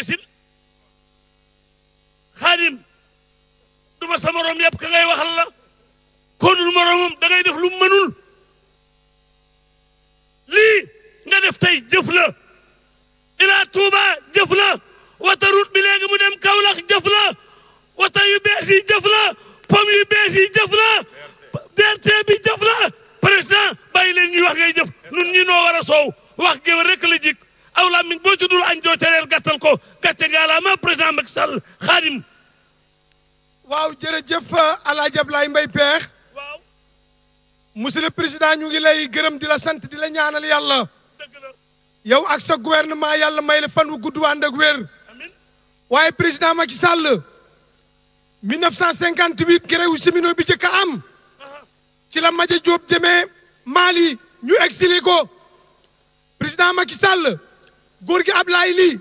gisin xaadim du ma sa morom yàpp ka ngay waxal la koonul moromam da ngay def lu mënul lii nga def tey jëf ilaa Tuuba jëf wata route bi léegi mu dem Kaolack jëf wata yu bees yi jëf yu bees yi jëf la BRT bi leen ñuy wax ngay jëf nun ñi noo war soow wax géwél rek la jik aw làmmiñ boo ci dul añ joo ca reer gàttal ko gàcce ngaalaama président Macky Sall xaadim waaw jërëjëf Alaaji Ablaye Mbaye Pekh waaw monsieur le président ñu ngi lay gërëm di la sant di la ñaanal yàlla yow ak sa gouvernement yàlla may la fan wu gudd ànd ak wér waaye président Macky Sall 1958 gréwu simino bi jëkk a am uh-huh. ci la Madia Diop jëmee Mali ñu exilé ko président Macky Sall góor gi Ablaye lii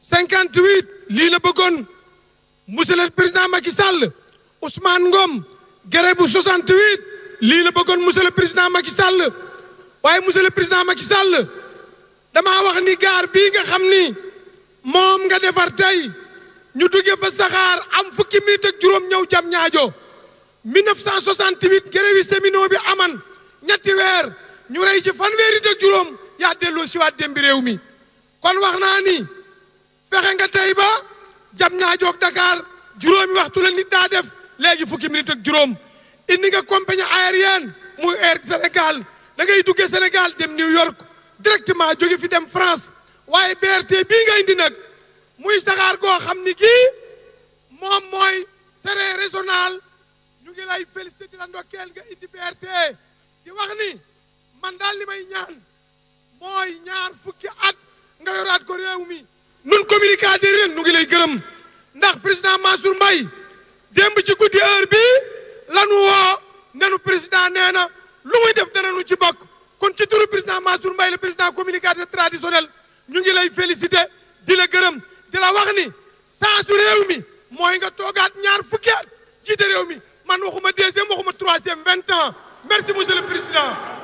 cinquante huit lii la bëggoon monsieur le président Macky Sall Ousmane Ngom gere bu lii la bëggoon monsieur le président Macky Sall waaye monsieur le président Macky Sall dama wax ni gaar bii nga xam ni moom nga defar tey ñu duggee fa saxaar am fukki minit ak juróom ñëw jam ñaajo 1968 gréwi sémino bi aman ñetti weer ñu rey ci fanweeri ak juróom yaa delloo si waat démb réew mi kon wax naa ni fexe nga tey ba jam ñaajoog Dakar juróomi waxtu la nit daa def léegi fukki minute ak juróom indi nga compagnie aérienne muy Air Sénégal da ngay duggee Sénégal dem New York directement jóge fi dem France waaye BRT bii nga indi nag muy saxaar goo xam ni kii moom mooy train régional ñu ngi lay félicité di la ndokkeel nga indi BRT di wax ni man daal li may ñaan mooy ñaar fukki at nga yoraat ko réew mi nun communicateur yi nu ngi lay gërëm ndax président mbay Mbaye démb ci guddi heure bii lanu woo nenu président nee na lu muy def dana nu ci bokk kon ci turu président Mansour mbay le président communicateur traditionnel ñu ngi lay félicité di la gërëm di la wax ni sansu réew mi mooy nga toogaat ñaar fukki at jiite réew mi man waxuma deuxième waxuma troisième vingt ans merci monsieur le président